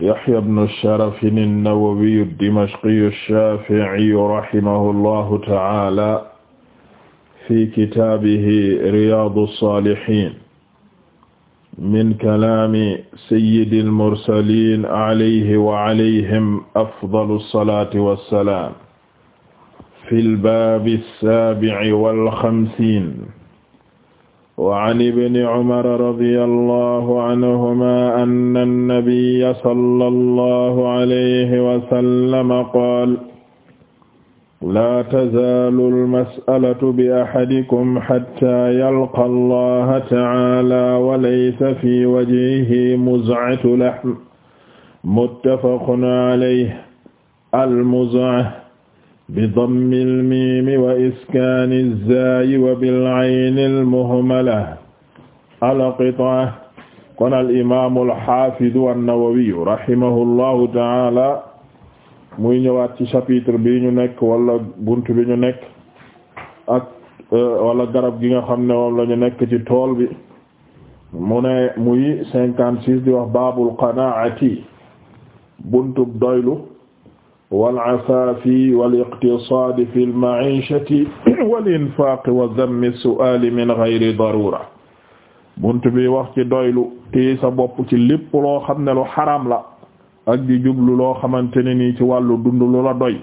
Yahya ibnu Sharaf an-Nawawi ad-Dimashqi ash-Shafi'i rahimahullahu ta'ala fi kitaabihi Riyaadu as-Saalihiin min kalaami sayyidil mursaliin alayhi wa alayhim afdalu as-salaati was-salaam fil baabi as-saabi'i wal khamsiin وعن ابن عمر رضي الله عنهما أن النبي صلى الله عليه وسلم قال لا تزال المسألة بأحدكم حتى يلقى الله تعالى وليس في وجهه مزعة لحم متفق عليه المزعة بدم الميم وإسكان الزاي وبالعين المهملة القطعة kon الإمام الحافظ النووي رحمه الله تعالى muy ñëwaat ci chapitre bi ñu nekk wala bunt bi ñu nekk ak euh, wala garab gi nga xam ne moom la ñu nekk ci tool bi mu ne muy cinquante six di wax baabul qanaati buntub doylu walcafaafi waliqtisaadi fi lmacichati walinfaaqi wa dammi suaali min gayri darura bunt bi wax ci doylu téye sa bopp ci lépp loo xam ne lu xaraam la ak di jublu loo xamante ne ni ci wàllu dund lu la doy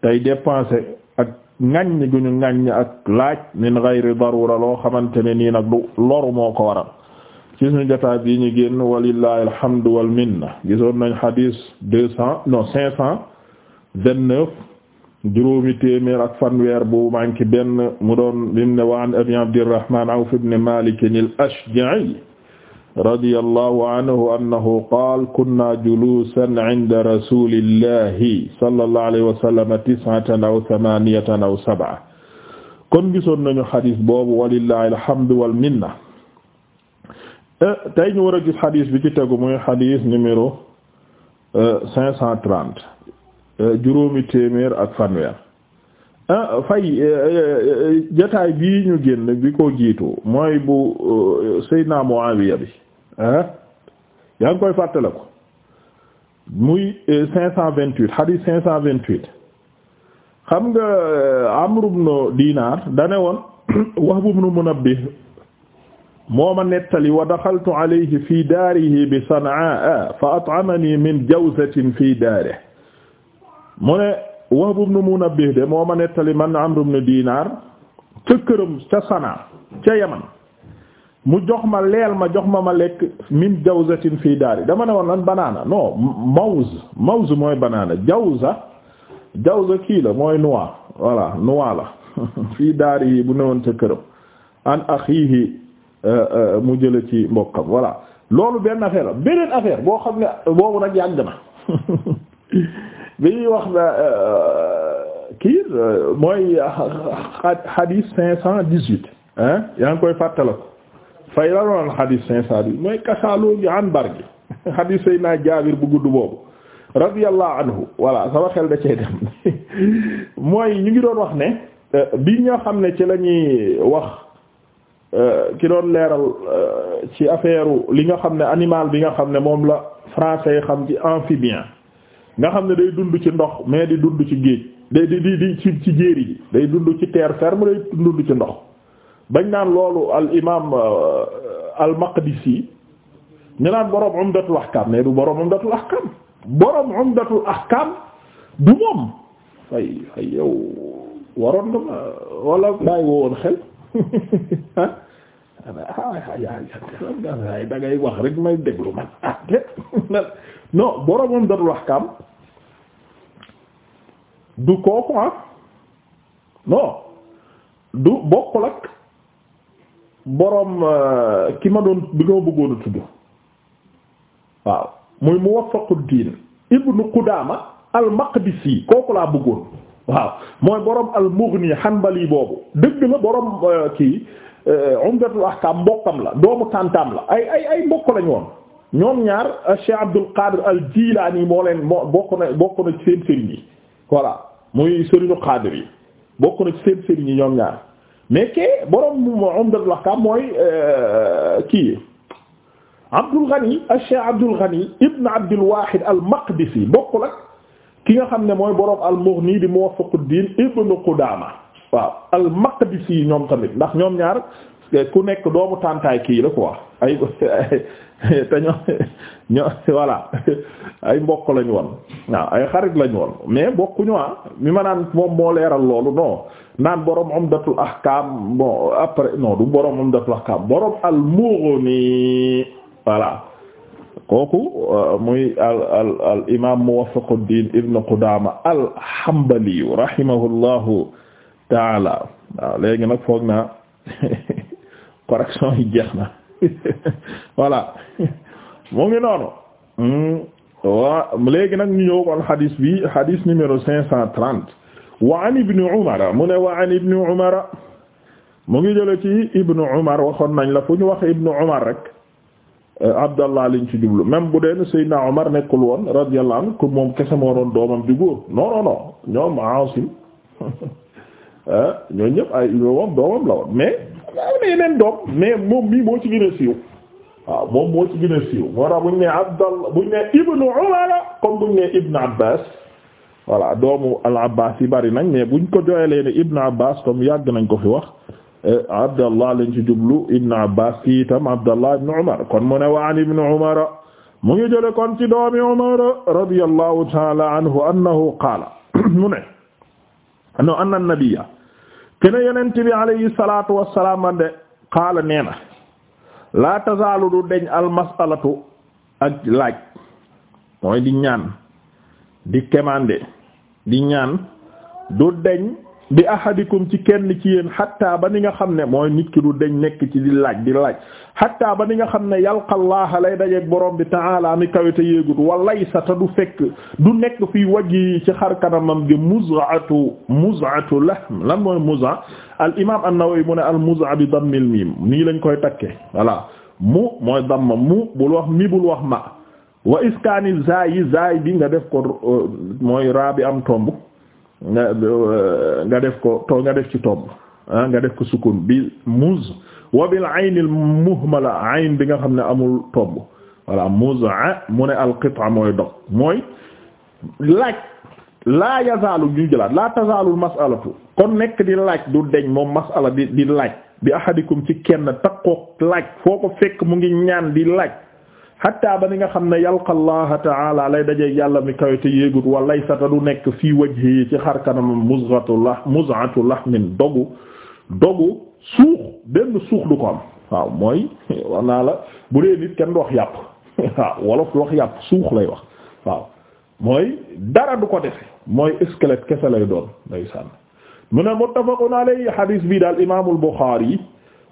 tey dépenser ak ŋàññ gu ñu ŋàññ ak laaj min gayri darura loo xamante ne nii nag du loru moo ko waral ci suñu jotaay bii ñu génn walillahi alhamdu walminna gisoon nañ xadiis deux cent non cinq cent vingt-neuf juróomi téeméer ak fanweer bu manqué benn mu doon lim ne waan abi Abdurrahman Awf ibn Malik al-Ashja'i radiyallahu anhu annahu qaala kunna juluusan 'inda rasulillahi sallallahu alayhi aw thamaniyatan aw sab'a kon gisoon nañu xadis boobu walillahi alhamdu wal minna eh, tey ñu war a gis xadis bi ci Euh, juróomi téeméer ak fanweer ah, fay euh, euh, jataay bii ñu génn bi ko jiitu mooy bu Seydina Muawiya bi ah, yaa ngi koy fàttale ko muy cinq cent vingt-huit hadith nga Amr ibn Dinar dane woon Wahb ibn Munabbih moo ma nettali wa daxaltu alayhi fi daarihi bi Sanaa fa at'amani min jawzatin fi daarihi mu ne Wahb ibn Munabbih de moo ma nettali man Amr ibn Dinar ca këram ca Sanaa ca Yaman mu jox ma leel ma jox ma ma lekk min jawzatin fii daari dama ne woon lan banaana non mawz mawz mooy banaana jawza jawza kii la mooy noix voilà noix la fii daari yi bu newoon ca këram an axiihi euh, euh, mu jële ci mbokkam voilà loolu benn affaire beneen affaire boo xam ne boobu nag yàgg na bi ñuy wax euh, kii euh, mooy hadith cinq cent dix-huit hein yaa ngi koy fàttaliku fay la doon hadith cinq cent dix mooy kasaaloo gi an bar gi hadith Seydina Jaabir bu gudd boobu radiyallahu anhu voilà sama xel da cee dem mooy ñu ngi doon wax ne euh, bi nga xam ne ci la ñuy wax ki doon leeral ci affaire li nga xam ne animal bi nga xam ne moom la français xam ci amphibien nga xam ne day dund ci ndox mais di dund ci géej day di di di ci ci jéeri ji day dund ci terre ferme day dund ci ndox bañ naan loolu al imaam euh, al Maqdisi ñu naan borom Umdatul Ahkam mais du borom Umdatul Ahkam borom Umdatul Ahkam du moom fay fay yow waroon nga ma woon xel ah da ngay wax rek may déglu man ah non borom Umdatul Ahkam du kooku ah non du bokkul ak boroom euh, ki ma doon bi nga bëggoon a tudd waaw muy Muwaffaquddin ibnu Qudaama al kooku laa bëggoon waaw mooy boroom al-Mughni Hanbali boobu dëgg la boroom euh, kii euh, Umdatul Ahkam mbokkam la doomu tàntaam la ay ay ay mbokk lañu woon ñoom ñaar Cheikh Abdul Qadir al-Jilani moo leen moo bokk na bokk na ci seen yi voilà muy sëriñu xaadir yi bokk na ci seen sëriñ yi ñoom ñaar mais ke borom Umdatul Ahkam mooy euh, kii Abdul Ghani al-Cheikh Abdul Ghani ibn Abdul Wahid al-Maqdisi bokk ak ki nga xam ne mooy borom al-Mughni di Muwaffaquddin ibn Qudama waaw al-Maqdisi ñoom tamit ndax ñoom ñaar ku nekk doomu tàntaay kii la quoi ay te ñoo ñoo voilà ay mbokk lañu woon waaw ay xarit lañ woon mais bokkuñu ah mi ma naan moom moo leeral loolu non naan borom Umdatul Ahkam bon après non du borom Umdatul voilà kooku euh, muy al al al imaam Muwaffaquddin Ibn Qudama al-Hanbali rahimahullahu taala waaw léegi nag foog naa. correction yi jeex na voilà mu ngi noonu wa hmm. léegi nag ñu ñëw kon hadis bi hadis numéro cinq cent trente wa an ibni umara mu ne wa an umara mu ngi jële ci ibnu umar waxoon nañ la fu ñu wax ibnu umar rek eh, abdallah liñ ci jublu même bu deen saydna umar nekkul woon radiyallahu anhu ku moom kese moo doon doomam di góor non non non ñoom Aasim eh, ñoo ñëpp ay moom doomam la woon mais am na yeneen doom mais moom mii moo ci gën a siiw waaw moom moo ci gën a siiw moo tax buñ ne Abdallah buñ ne Ibnu Umar comme buñ ne Ibnu Abbas voilà doomu al Abbas yi bari nañ mais buñ ko jooyalee ne Ibnu Abbas comme yàgg nañ ko fi wax eh, Abdallah lañ ci jublu Ibnu Abbas kii itam Abdallah Ibnu Umar kon mu ne wa an Ibnu Umar mu ngi jële kon ci doomi Umar radiyallahu ta'ala anhu annahu qaala mu ne no anna nabiyya kene yonent bi alayhi salaatu wassalaam de qaala nee na laa tazaalu du deñ almasalatu ak laaj mooy di ñaan di kemande di ñaan du deñ bi ahadikum ci kenn ci yéen xatta ba ni nga xam ne mooy nit ki du deñ nekk ci di laaj di laaj xatta ba ni nga xam ne yalqallaaha lay dajeeg borom bi taalaa mi kawite yéegut walaysa te du fekk du nekk fii wajji ci xar kanamam gi muz'atu muz'atu la lan mooy muz'a al imam an-Nawawi mu ne al muz'a bi dammil miim nii lañ koy takkee voilà mu mooy damma mu bul wax mi bul wax ma wa iskaani zaayi zaay bi nga def ko euh, mooy raa bi am tomb nga euh, nga def ko to nga def ci tomb ah, nga def ko sukun bi muz wa bil ayn al muhmala ayn bi nga xam ne amul tomb voilà muz'a mu ne al qit'a mooy dog mooy laaj laa yazaalu ñu jëlaat laa tazaalul mas'alatu kon nekk di laaj du deñ moom mas'ala di di laaj bi ahadikum ci kenn takkook laaj foo ko fekk mu ngi ñaan di laaj xatta ba ni nga xam ne yalqa allah taala lay dajeeg yàlla mi kawe te yéegut sa sata du nekk fii wajhi yi ci xar kanam musgatu lah la lahmin dogu dogu suux benn suux du ko am waaw mooy wax naa la bu dee nit kenn du wax wax yàpp suux lay wax waaw dara du ko defe mooy squelette kese lay doon ndeysaan mu ne muttafaqun alayhi hadis bi daal imaamul Buxaari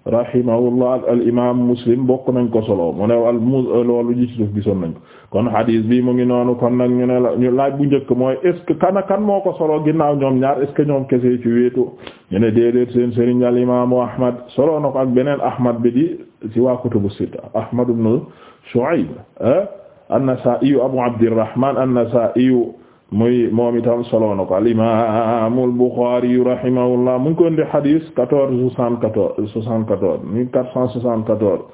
rahimahullah al imam muslim bokk nañ ko solo mu ne al euh, loolu ji ci suuf gisoon nañ ko kon hadis bi mu ngi noonu kon nag ñu ne la ñu laaj bu njëkk mooy est kan moo ko solo ginnaaw ñoom ñaar est ce que ñoom kese ci wéetu ñu ne déedéet seen sëriñ al imaamu ahmad solo na ko ak beneen ahmad bi di ci waa kutubu sitta ahmad ibn shu'ayb ah, an-nasa'i abu abdirrahman an-nasa'i muy moom itam solo na ko al imaam al Buxaari rahimahullah mu ngi ko indi xadis quatorze soixante-quatorze soixante-quatorze mille quatre cent soixante-quatorze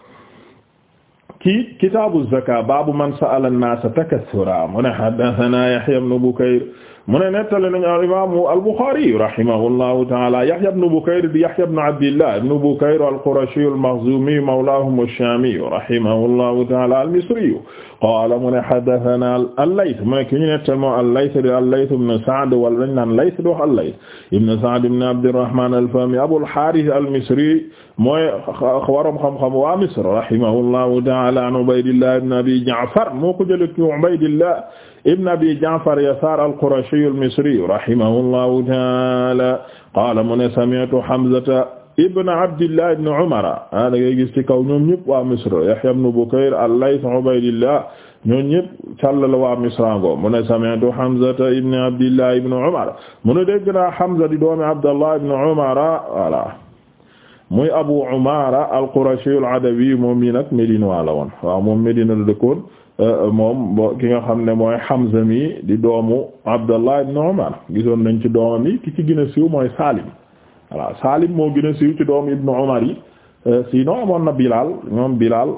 ki kitaabu zakaat baabu man sa'ala an-naasa takaththura mu ne haddathanaa Yahyaa ibn Bukayr mu ne nettali nañu al imaamu al Buxaari rahimahullahu ta'ala Yahya ibn Bukayr di Yahya ibn Abdillah ibn Bukayr al-Qurashi al-Makhzumi mawlaahum ash-Shaami rahimahullahu ta'ala al-Misri qaala mu ne haddathanaa al-Layth mu ne ki ñu nettali moo al-Layth di al-Layth ibn Sa'd wala dañu naan Layth di wax al-Layth ibn Sa'd ibn Abdirrahmaan al-Fahmi Abul Haarith al-Misri mooy waroom xam-xam waa Misr rahimahullahu ta'ala an Ubaydillah ibn Abi Ja'far moo ko jëlee ci Ubaydillah ibn abi ja'far yasar al-qurashi al-misri rahimahullahu ta'ala qala mu ne sami'tu hamzata ibn abdillah ibn umara ah da ngay gis ci kaw ñoom ñëpp waa misra yahya ibn bukayr al-layth ubaydillah ñoom ñëpp càllal waa misrango mu ne sami'tu hamzata ibn abdillah ibn umara mu ne dégg naa hamza di doomi abdallah ibn umara voilà muy Abu Umaara al-Qurashi al moom mii nag Médinois la woon waaw moom Médina la dëkkoon euh, moom ki nga xam ne mooy Hamza mi di doomu Abdallah ibn Umar gisoon nañ ci doomam yi ki ci gën a mooy Salim voilà moo gën a siiw ci doomu ibn Umar yi euh, sinon amoon na Bilal ñoom Bilal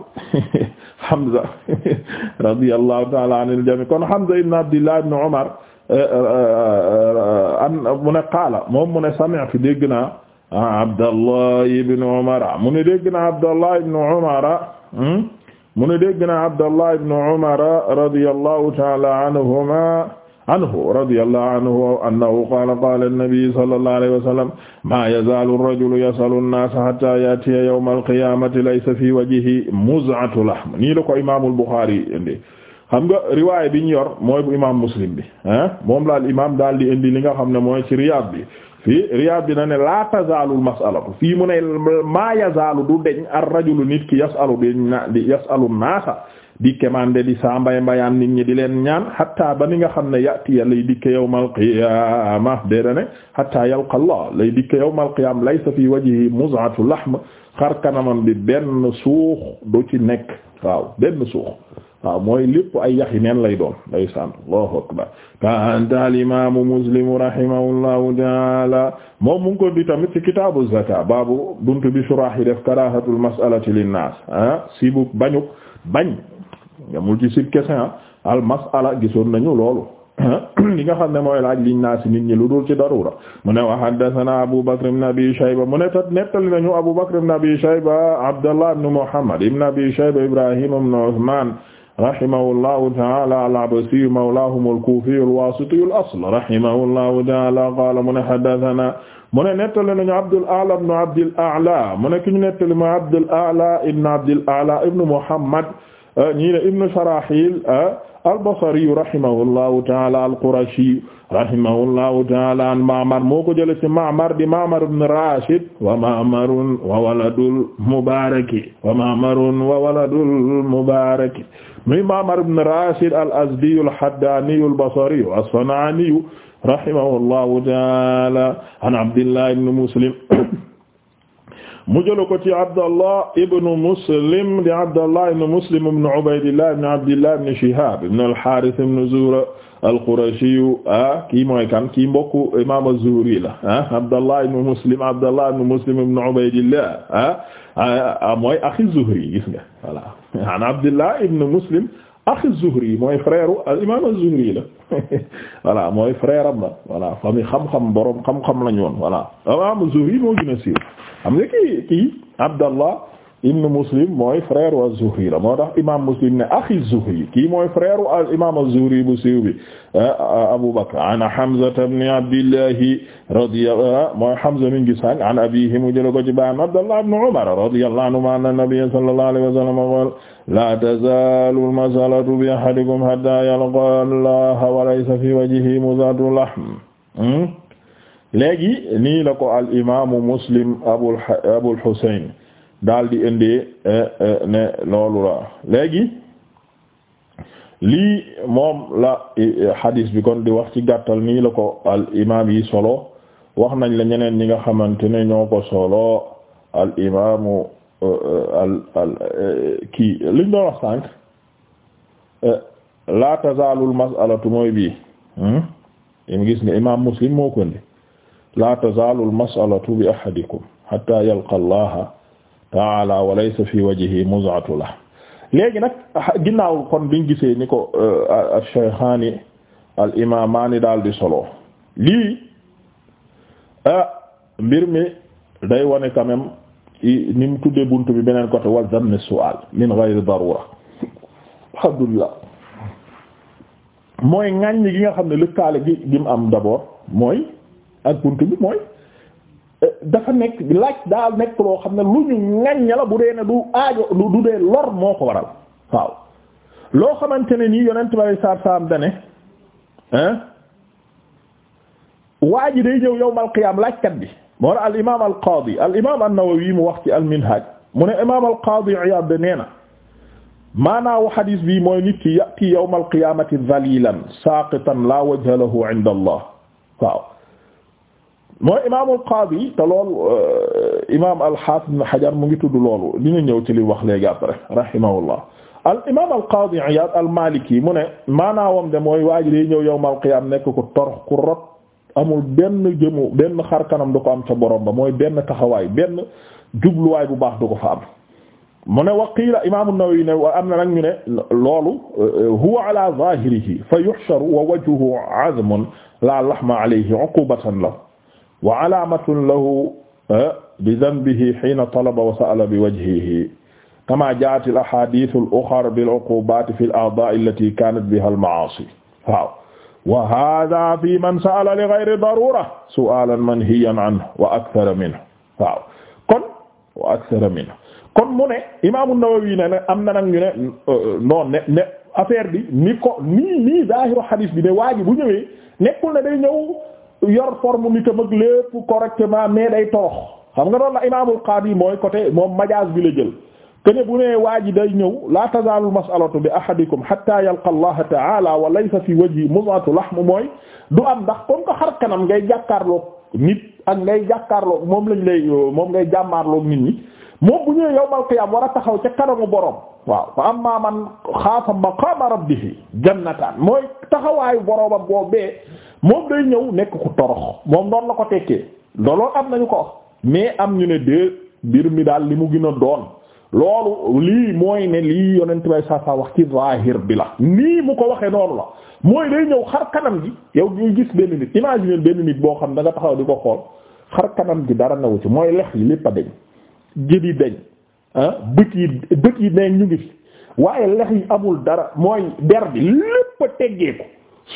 Hamza radiyallahu ta'ala anil jami kon Hamza ibn Abdillah ibn Umar euh, mu ne qaala moom mu ne sami'tu dégg naa Abdallah ibn Umar mu ne dégg na Abdallah ibn Umar hmm? mu ne dégg na Abdallah ibn Umar radiyallahu ta'ala anhuma anhu radiyallahu anhu annahu qaala qaala an-nabi sallallahu alayhi wa sallam maa yazaalu ar-rajulu yas'alu an-naasa hattaa ya'tiya yawma al-qiyaamati laysa fii wajhihi muz'atu lahm nii la ko imaamul Buxaari indi xam nga riwaay bi ñu yor mooy bu imaam Muslim bi ah moom la al imaam daal di indi li nga xam ne mooy ci Riyaad bi fii Riyaad bi na ne laa tazaalul mas'alatu fii mu ne ma yazaalu du deñ ar-rajulu nit ki yasalu di na di yasalu di kemande di saa mbay mbayaan nit ñi di leen ñaan hatta ba ni nga xam ne yatiya lay dikke yawmal qiyaama déeda ne hatta yalqa Allah lay dikke yawmal qiyaama laysa fi wajhi muz'atu lahm xar kanamam bi benn suux du ci nekk waaw benn suux waaw mooy lépp ay yax yi neen lay doon day sant allahu akbar kaanta al imaamu muslim rahimahullahu taala moom mu ngi ko di tamit ci kitaabu zaka baabu buntu bi surah yi def karahatul masalati li ah sibu bañuk bañ yamul ci sib kese ah, al masala gisoon nañu loolu ah, li nga xam ne mooy laaj liñ naa si nit ñi lu dul ci darura mu ne wa haddathana Abu Bakr ibn Abi Shayba mu ne ta nettali nañu Abu Bakr ibn Abi Shayba Abdullah ibn Muhammad ibn Abi Shayba Ibrahim ibn rahimahullahu ta'ala al-Absi mawlahum al-Kufi al-Wasiti al-asl rahimahullahu ta'ala qala mu ne haddathana mu ne nettali nañu Abdul A'la ibn Abdil A'la mu ne ki ñu nettali ma Abdul A'la ibn Abdil A'la ibn Muhammad ñii ne ibn Sharahil al-Basri rahimahullahu ta'ala al-Qurashi rahimahullahu ta'ala an Ma'mar moo ko jëlee ci Ma'mar di Ma'mar ibn Rashid wa Ma'marun wa waladul Mubarak wa Ma'marun wa waladul Mubarak muy Ma'mar ibn Rashid al-Azdi al-Haddani al-Basri as-San'ani rahimahullahu ta'ala an Abdillah ibn Muslim mu jël ko ci Abdallah ibn Muslim di Abdallah ibn Muslim ibn Ubaydillah ibn Abdillah ibn Shihab ibn al-Harith ibn Zuhra al-Qurashi ah kii mooy kan kii mbokku imaam az-Zuhri la ah Abdallah ibn Muslim Abdallah ibn Muslim ibn Ubaydillah ah Ah, ah, mooy axi Zuhri gis nga voilà an Abdullah ibn Muslim axi Zuhri mooy frère al ah, imam az-Zuhri la voilà mooy frère am la voilà fami xam-xam borom xam-xam lañu woon voilà imam az-Zuhri moo gën a siiw xam nga kii kii Abdallah ibn Muslim mooy frère wa Zuhri la moo tax imaam Muslim ne axi Zuhri kii mooy frère wa imaam az-Zuhri bu siiw bi ah, Abu Bakr an Hamza ibn Abdillah radiyallahu mooy Hamza min gisaan an abiihi mu jële ko ci baayam Abdullah ibn Umar radiyallahu anhumaa anna nabiyya sallallahu alayhi wa sallam qaala laa tazaalu al-mas'alatu bi ahadikum hattaa yalqaa Allaha wa laysa fii wajhihi muz'atu lahm hmm? léegi nii la ko al imaamu Muslim Abul Husayn daal di indi eh, eh, ne loolu la léegi lii moom la hadis eh, bi kon di wax ci gàttal nii la ko al imaam yi solo wax nañ la ñeneen ñi nga xamante ne ñoo ko solo al imaamu al al kii liñ wax sànq la tazaalul mas'alatu mooy bii im hmm? gis nga imaam muslim moo ko indi la tazaalul mas'alatu bi ahadikum hatta yalqa allaha taala wa laysa fi wajhi muz'atu la léegi nag ginnaaw kon biñ gisee ni ko euh, ash-shaykhani al imamaani daal di solo lii ah, mbir mi day wane quand ni mu tuddee bunt bi beneen côté wa zann su'al min ghayri darura alhamdulillah mooy ŋàññ gi nga xam ne lëkkaale gi gi mu am d'abord mooy ak buntu bi mooy dafa nekk laaj loo xam ne lu ñu ŋañña la bu dee ne du aajo du dee lor moo ko waral waaw loo xamante ne nii yonent bi saa saam dane waa ji day ñëw yowmal qiyaam laajkat bi moo al imaam al qaadi al imaam mu wax ci al minhaj mu ne imaam al qaadi Iyaad nee na maanaawu xadiis bi mooy nit ki ya'ti yowmal qiyaamati dhalilan saaqitan laa waaw mooy imaamul qaadi te loolu euh, imaam al-Haafiz ibn Hajar mu ngi tudd loolu dina ñëw ci li wax léegi après rahimahullah al imaam al qaadi Iyaad al Maliki mu ne maanaawam de mooy waa ji day ñëw yawmal qiyaam nekk ku torox ku rot amul benn jëmu benn xar kanam du ko am ca borom ba mooy benn taxawaay benn jubluwaay bu baax du ko fa am. mu ne wa qiila imaam an-Nawawi ne am na nag ñu ne loolu euh, huwa ala zaahirihi fa yuhsharu wa wajhuhu azmun la lahma alayhi uqubatan lahu wa alaamatun lahu eh, bi dambihi hiina talaba wa sa'ala bi wajhihi kamaa jaa'at al ahaadiith al uxar bil uquubaat fi al a'daa' allatii kaanat bihaa al ma'aasi waaw wa haadaa fii man sa'ala li ghayri daruura su'aalan manhiyan anhu wa akthara minhu waaw kon wa akthara minhu kon mu ne Imaam an-Nawawi ne am na nag ñu ne euh, non ne ne affaire bi ni ko nii nii zaahiru hadiis bi ne waa ji bu ñëwee nekkul ne day ñëw. yor forme nitam ak lépp correctement mais day torox xam nga doon la imaamul qaadi mooy côté moom majaas bi la jël kene bu nee waa ji day ñëw la tazaalu almasalatu bi ahadikum hatta yalqa allaha taala wa laysa fi wajhi muz'atu lahm mooy du am ndax comme que xar kanam ngay jàkkaarloog nit ak ngay jàkkaarloog moom lañ lay moom ngay jàmmaarloog nit ñi moom bu ñëwee yawmal qiyaam war a taxaw ca kanamu borom waaw fa amma man xaafa maqaama rabbihi jannataan mooy taxawaayu boromam boobu bee moom day ñëw nekk ku torox moom noonu la ko tekkee looloo am nañu ko mais am ñu ne de mbir mi daal li mu gën a loolu lii mooy ne lii yonent bay saa saa wax ci zahir bi la nii mu ko waxee noonu la mooy day ñëw xar kanam gi yow ñuy gis benn nit imagine benn nit boo xam da nga taxaw di ko xool xar kanam gi dara newu ci mooy lex yi lépp a deñ jëbi dañ ah bët yi bët yi ne ñu ngi fi waaye lex yi amul dara mooy der bi lépp a teggee ko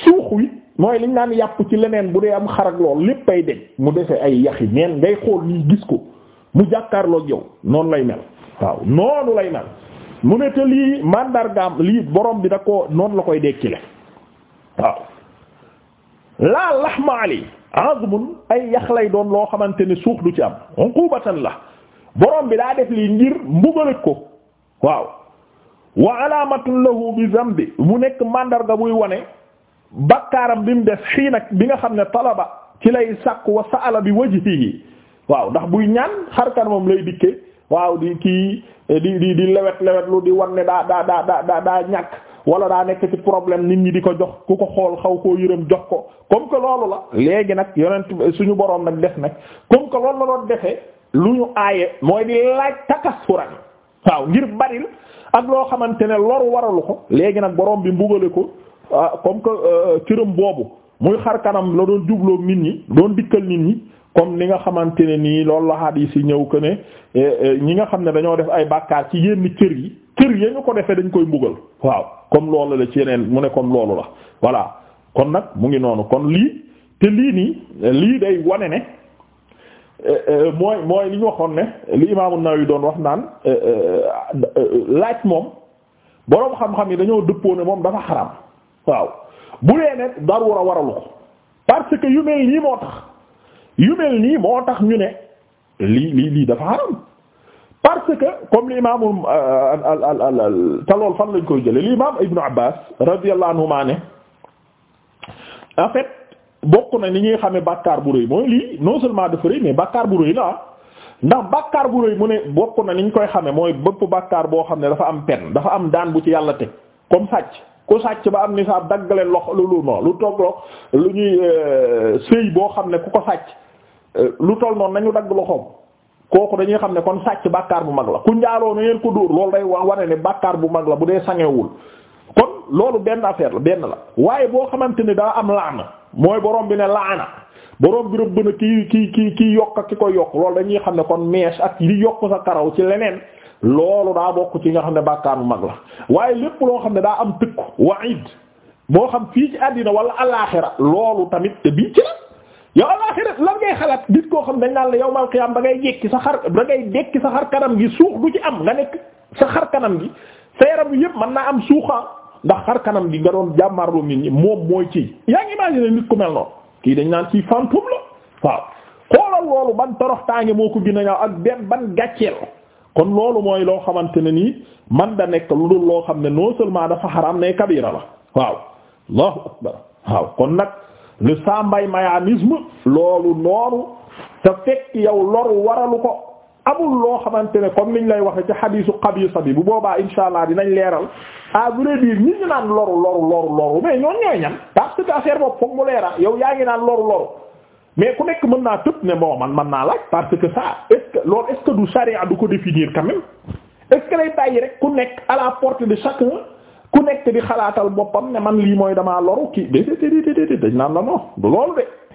suux wi mooy liñ naan yàpp ci leneen bu dee am xarak lool lépp ay deñ mu defee ay yaxi neen ngay xool nii gis ko mu jàkkaarloog yow noonu lay mel waaw noonu lay mel mu ne te lii mandargaam lii borom bi da ko noonu la koy dekkile waaw laa laxma ali azmun ay yax lay doon loo xamante ne suux du ci am uqubatan la boroom bi daa def lii ngir mbugal ko waaw wa alaamatun lahu bi zambi mu nekk mandarga buy wane bakkaaram bi mu des xii nag bi nga xam ne talaba ci lay sàkk wa sa'ala bi wajhihi waaw ndax buy ñaan xarkan moom lay dikke waaw di kii di di di lewet lewet lu di wan ne daa daa daa ñàkk wala daa nekk ci problème nit ñi di ko jox ku ko xool xaw koo yërëm jox ko comme que loolu la léegi nag yonent suñu boroom nag def nag comme que loolu la doon defee lu ñu aaye mooy di laaj takasuran waaw ngir baril ak loo xamante ne loru waralu ko léegi nag borom bi mbugale ko ah, comme que euh, cëram boobu muy xar kanam la doon jubloo nit ñi doon dikkal nit ñi comme ni nga xamante ne nii loolu la hadith yi ñëw que ne eh, eh, ñi nga xam ne dañoo def ay bàkkaar ci yenn cër yi cër ya ñu ko defee dañ koy mbugal waaw comme loolu la ci yeneen mu ne comme loolu la voilà kon nag mu ngi noonu kon lii te lii nii lii day wane ne mooy mooy li ñu waxoon ne li imaamu Nawawi doon wax naan euh, euh, laaj moom boroom xam-xam yi dañoo dëppoo ne moom dafa xaram waaw bu dee ne darura waralu ko parce que yu mel nii moo tax yu mel nii moo tax ñu ne lii lii lii dafa xaram parce que comme l'imaamu euh, al al fan lañ koy jële l'imam Ibnu Abbaas radiyallahu anhuma ne en fait bokk na ni ñuy xamee bàkkaar bu rëy mooy lii non seulement dafa rëy mais bàkkaar bu rëy la ah. ndax bàkkaar bu rëy mu ne bokk na ni ñu koy xamee mooy bëpp bàkkaar boo xam ne dafa am pen dafa am daan bu ci yàlla teg comme sàcc ku sàcc ba am nisaab daggaleen loxo lu lu no lu lu ñuy euh, sëy boo xam ne ku ko sàcc euh, lu toll noonu nañu dagg loxoom kooku dañuy xam ne kon sàcc bàkkaar bu mag la ku njaaloo na ngeen ko dóor loolu day wax wane bàkkaar bu mag la bu dee sangewul kon loolu benn affaire la benn la waaye boo xamante ne daa am laana mooy boroom bi ne laana borom bi rëbb na ki ki ki ki yokk ak ki koy yokk loolu dañuy xam ne kon mèche ak li yokk sa karaw ci leneen loolu daa bokk ci nga xam ne bàkkaanu mag la waaye lépp loo xam ne daa am tëkk waid moo xam fii ci àddina wala alaaxira loolu tamit te bii ci la yow alaaxira lan ngay xalaat nit koo xam dañ naan la yawmal qiyaam da ngay jekki sa xar da dekki sa xar kanam gi suux du ci am nga nekk sa xar kanam gi sa yaram yëpp mën naa am suuxa ndax xar kanam gi nga doon jàmmarloo nit ñi moom mooy ci yaa ngi imaginer nit ku mel noonu kii dañ naan ci fantôme la waaw xoolal loolu ban toroxtaange moo ko gën ñaaw ak benn ban gàcceel kon loolu mooy loo xamante ne nii man da nekk lu dul loo xam ne non seulement dafa xaraam ne kabira la waaw allahu akbar waaw kon nag le mbay mayanisme loolu nooru te fekk yow loru waralu ko amul loo xamante ne comme niñ lay waxe ci xadiisu xabisa bi bu boobaa insha allah dinañ leeral à vrai dire ñi ñu naan loru loru loru loru mais ñoon ñooy parce que affaire boobu foog mu leeral yow yaa ngi naan loru loru mais ku nekk mën naa tëb ne bon man mën naa laaj parce que ça est ce que loolu est ce du ko définir quand même est ce que lay bàyyi rek ku nekk à la portée de chacun ku nekk di xalaatal boppam ne man lii mooy dama loru kii déedéet déedéet dañ naan la non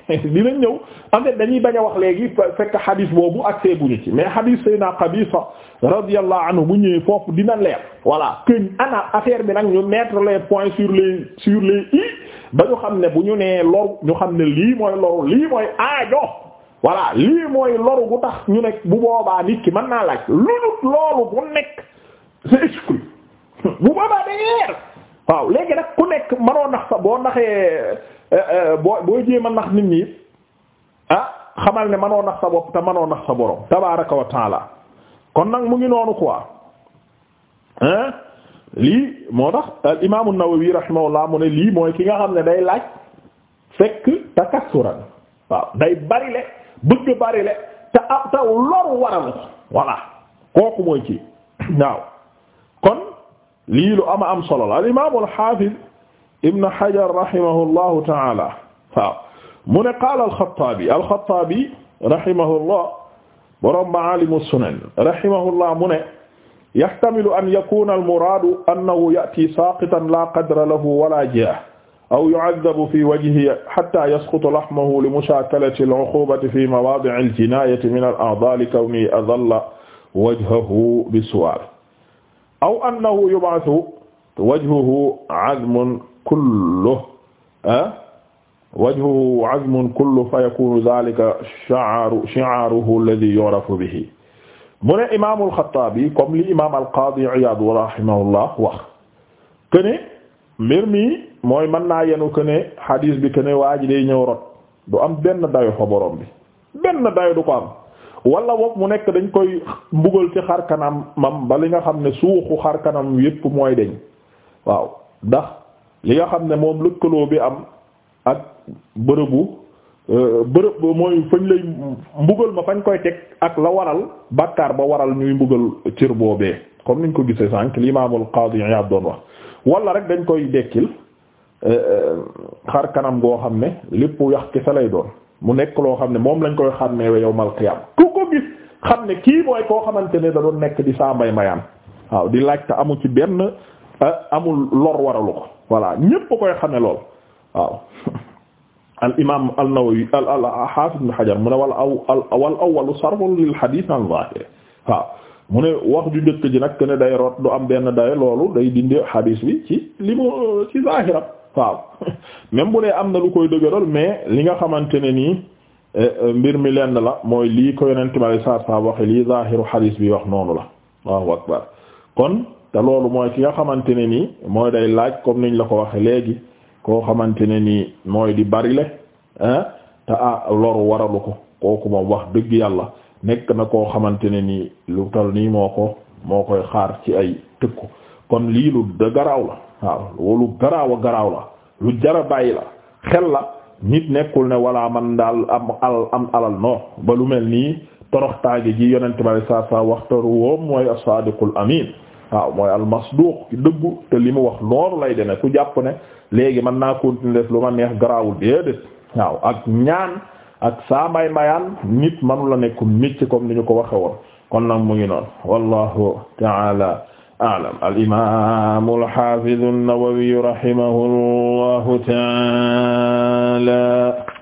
dinañ ñëw en fait dañuy bañ a wax léegi fekk xadis boobu ak see buñu ci mais xadis Seydina Qabisa radiyallahu anhu bu ñëwee foofu dina leer voilà que ana affaire bi nag ñu mettre les points sur les sur les i ba ñu xam ne bu ñu nee loru ñu xam ne lii mooy loru lii mooy aajo voilà lii mooy loru gu tax ñu nekk bu boobaa nit ki mën naa laaj lu loolu bu nekk c'est exclu bu boobaa day leer waaw léegi nag ku nekk mënoo nax sa boo naxee. Eh, eh, boo boo jéem a nax nit ñi ah xamal ne manoo nax sa bopp te manoo nax sa borom tabaaraka wa kon nag mu ngi noonu quoi hein lii moo tax al imaamu Nawawi rahimahullah mu ne lii mooy ki nga xam ne day laaj fekk takassuran waaw day bari le bëgg bari le te ab taw loru waral ko kooku mooy ci waaw kon lii lu ama am solo la al imaamul xaafis Ibn Hajar rahimahullahu ta'ala waaw mu ne qaala al-Khattabi al-Khattabi rahimahullah borom Ma'aalimu Sunan rahimahullah mu ne yahtamilu an yakuna al-muraadu annahu ya'ti saaqitan laa qadra lahu wa laa jaaha aw yu'adhabu fi wajhihi hattaa yasqutu lahmuhu li mushaakalati al-'uquubati fi mawaadi'i al-jinaayati min al-a'dhaa' li kawnihi adhalla wajhahu bis-suwaal aw annahu yub'athu wajhuhu 'adhmun kulluhu ah, wajhuhu azmun kulluhu fa yakunu dhalika shi'aaru shi'aaruhu alladhi yu'rafu bihi mu ne imaamul Xattaabi comme li imaam al-Qaadi Iyaad rahimahullah wax que ne mbir mi mooy mën naa yenu que ne hadis bi que ne waa ji day ñëw rot du am benn dayo fa borom bi benn dayo du ko am wala boog mu nekk dañ koy mbugal ci xar kanam mam ba li nga xam ne suuxu xar kanam yépp mooy deñ waaw ndax li nga xam ne moom lëkkaloo bi am ak bërëbu euh, bërëb mooy fañ lay mbugal ma fañ koy teg ak la waral bàkkaar ba waral ñuy mbugal cër boobee comme niñ ko gisee sànq limaamul Qaadi Iyaad doon wax wala rek dañ koy dekkil euh, euh, xar kanam goo xam ne lépp yax ki sa lay doon mu nekk loo xam ne moom lañ koy xàmmeewe yow qiyaam ku ko gis xam ne kii mooy koo xamante ne da doon nekk di saa mbay mayaan waaw di laaj te amu ci benn amul lor waralu ko voilà ñépp a koy xame lool waaw al imam an-Nawawi al hafiz ibn Hajar mu ne wal aw wal awwalu sarfun lil hadith an waaw mu ne wax ju njëkk ji nag que ne day rot du am benn daye loolu day dindi hadith bi ci li mu ci zahiram waaw même bu dee am na lu koy dëgëral mais li nga xamante ne nii eh, eh, mbir mi lenn la mooy lii ko yonent bi sallallahu alayhi waxe lii zahiru hadith bi wax noonu la Allahu akbar kon te loolu mooy ki nga xamante ne nii mooy day laaj comme niñ la ko waxe léegi koo xamante ne nii mooy di bari le te ah loru waralu ko kooku moom wax dëgg yàlla nekk na koo xamante ne nii lu tal nii moo ko moo koy xaar ci ay tëkku kon lii lu da garaaw la waaw loolu garaaw a garaaw la lu jara bàyyi la xel la nit nekkul ne walaa man daal am alal am ba lu mel nii toroxtaange ji yonente bi alai saat salaam waxtaru mooy as-sadiqul waaw mooy almasduq ki dëggu te li mu wax noonu lay deme ku jàpp ne léegi man naa continuer def lu ma neex garaawul déedéet waaw ak ñaan ak saa may mayaan nit manu la nekk mécc comme ni ñu ko waxe woon kon nag mu ngi noonu wallahu taala a'lam al-imam al-hafiz an-Nawawi